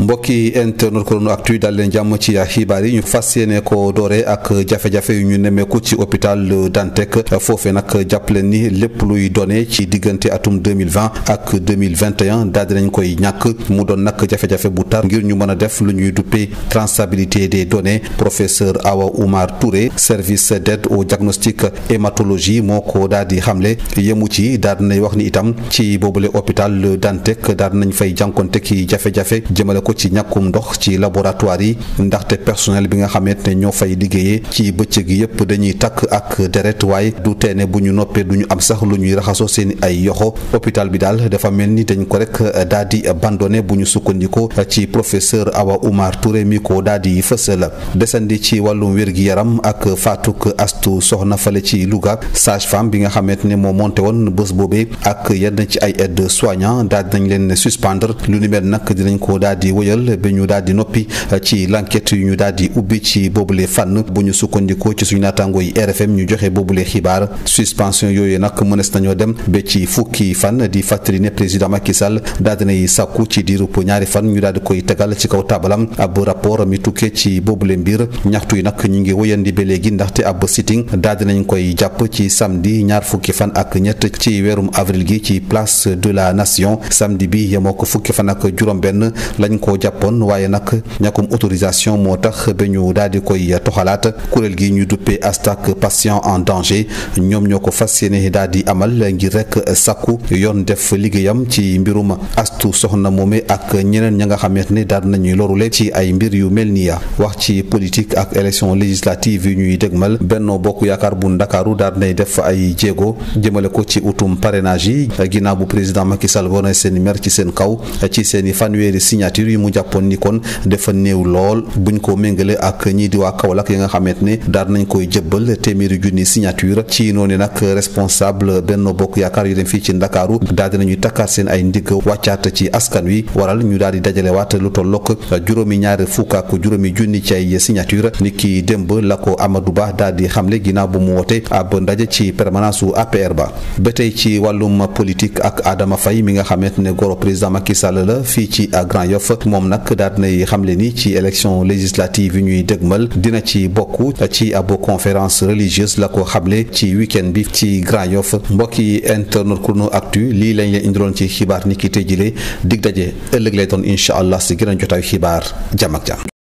mbokki internet Chrono Actu daal leen jàmm ci xibaar yi ñu fas yéene ko doore ak jafe-jafe yu ñu nemeeku ci hôpital Dantec foofe nag jàppale leen ni lépp luy donné ci diggante atum 2020 ak 2021 daal dinañ koy ñàkk mu doon nag jafe-jafe bu tar ngir ñu mën a def lu ñuy duppee traçabilité des données professeur Awa Oumar Touré service d'aide au diagnostic hématologie moo ko daal di xamle yemu ci daal dinañ wax ni itam ci boobule hôpital Dantec daal nañu fay jànkonte ki jafe-jafe jëmale ko ci ñàkkum ndox ci laboratoire yi ndaxte personnel bi nga xamante ne ñoo fay liggéeyee ci bëccëg yëpp dañuy takk ak deret waaye du teene bu ñu noppee du ñu am sax lu ñuy raxasoo seen ay yoxo hôpital bi daal dafa mel ni dañ ko rek daal di abandonné bu ñu sukkandikoo ci professeur Awa Oumar Touré mi ko daal di fësal desandi ci wàllum wér-gi-yaram ak faatuk astu soxna fale ci Louga sage-femme bi nga xamante ne moo monté woon bés boobe ak yenn ci ay aide soignant daal di wëyal bi ñu daal di noppi euh, ci l'enquête yu ñu daal di ubbi ci boobule fànn bu ñu sukkandikoo ci suñu naataango yi RFM ñu joxe boobule xibaar suspension yooyu nag mënees nañoo dem ba ci fukki fan di fàttali ne président Macky Sall daal dinay sàkku ci di diirub ñaari fan ñu daal di koy tegal ci kaw taabalam ab rapport mi tukkee ci boobule mbir ñaxtu yi nag ñu ngi wëyandi ba léegi ndaxte ab sitting daal dinañ koy jàpp ci samedi ñaar fukki fan ak ñett ci weerum avril gi ci place de la nation samedi bi yemoo ko koo jàppoon waaye nag ñàkkum autorisation moo tax ba ñu daal di koy toxalaat kuréel gi ñu duppee astak patient en danger ñoom ñoo ko fas yéene daal di amal ngir rek sàkku yoon def liggéeyam ci mbirum astu soxna moome ak ñeneen ña nga xamante ne daal nañuy lorule ci ay mbir yu mel nii wax ci politique ak élection législative yu ñuy dégmal Benno Bokk Yaakaar bu Ndakaaru daal nay def ay jéego jëmale ko ci utum parrainage yi ginnaaw bu président Macky Sall wone seen mer ci seen kaw mu jàppoon ni kon dafa néew lool buñ ko méngale ak ñii di waa Kaolack yi nga xamante ne daan nañ koy jëbbal téeméeri junni signature ci noonu nag responsable benn Bokk Yaakaar yu dem fii ci Ndakaaru daal dinañuy takkaat seen ay ndigg wàccaat ci askan wi waral ñu daal di dajalewaat lu tollook juróomi ñaari fukk juróomi junni ci ay signature ni ki démb la ko Amadou Ba daal di xamle ginnaaw bu mu woote ab ndaje ci permanence su APR ba ba tey ci wàllum politique ak Adama Faye mi nga xamante ne goro président la fii ci Grand moom nag daat nay xamle ni ci élection législative yi ñuy dëgmal dina ci bokk ci ab conférence religieuse la ko xamle ci week bi ci Grand Yoff mbokki internet Chrono Actu lii lañ leen indiloon ci xibaar ni ki tey jile dig daje ëllëg lay doon incha allah si gën a jotaayu xibaar jàmm ak jàmm